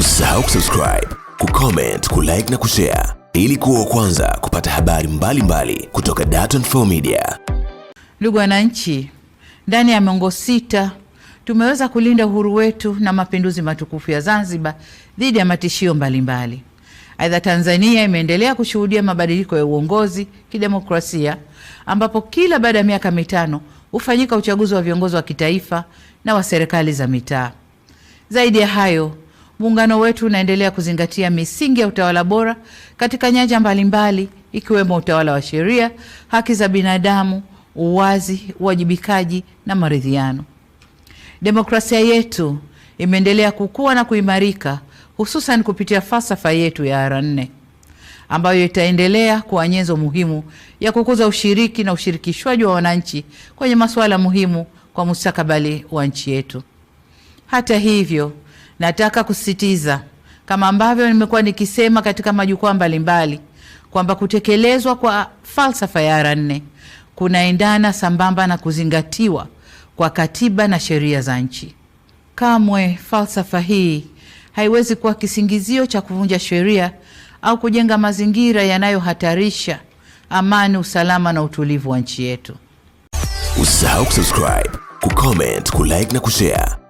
Usisahau kusubscribe, kucomment, kulike na kushare ili kuwa kwanza kupata habari mbalimbali mbali kutoka Dar24 Media. Ndugu wananchi, ndani ya miongo sita tumeweza kulinda uhuru wetu na mapinduzi matukufu ya Zanzibar dhidi ya matishio mbalimbali. Aidha, Tanzania imeendelea kushuhudia mabadiliko ya uongozi kidemokrasia, ambapo kila baada ya miaka mitano hufanyika uchaguzi wa viongozi wa kitaifa na wa serikali za mitaa. Zaidi ya hayo Muungano wetu unaendelea kuzingatia misingi ya utawala bora katika nyanja mbalimbali ikiwemo utawala wa sheria, haki za binadamu, uwazi, uwajibikaji na maridhiano. Demokrasia yetu imeendelea kukua na kuimarika hususan kupitia falsafa yetu ya R4 ambayo itaendelea kuwa nyenzo muhimu ya kukuza ushiriki na ushirikishwaji wa wananchi kwenye masuala muhimu kwa mustakabali wa nchi yetu. Hata hivyo Nataka kusisitiza kama ambavyo nimekuwa nikisema katika majukwaa mbalimbali kwamba kutekelezwa kwa falsafa ya R nne kunaendana sambamba na kuzingatiwa kwa katiba na sheria za nchi. Kamwe falsafa hii haiwezi kuwa kisingizio cha kuvunja sheria au kujenga mazingira yanayohatarisha amani, usalama na utulivu wa nchi yetu. Usisahau kusubscribe, kucomment, kulike na kushare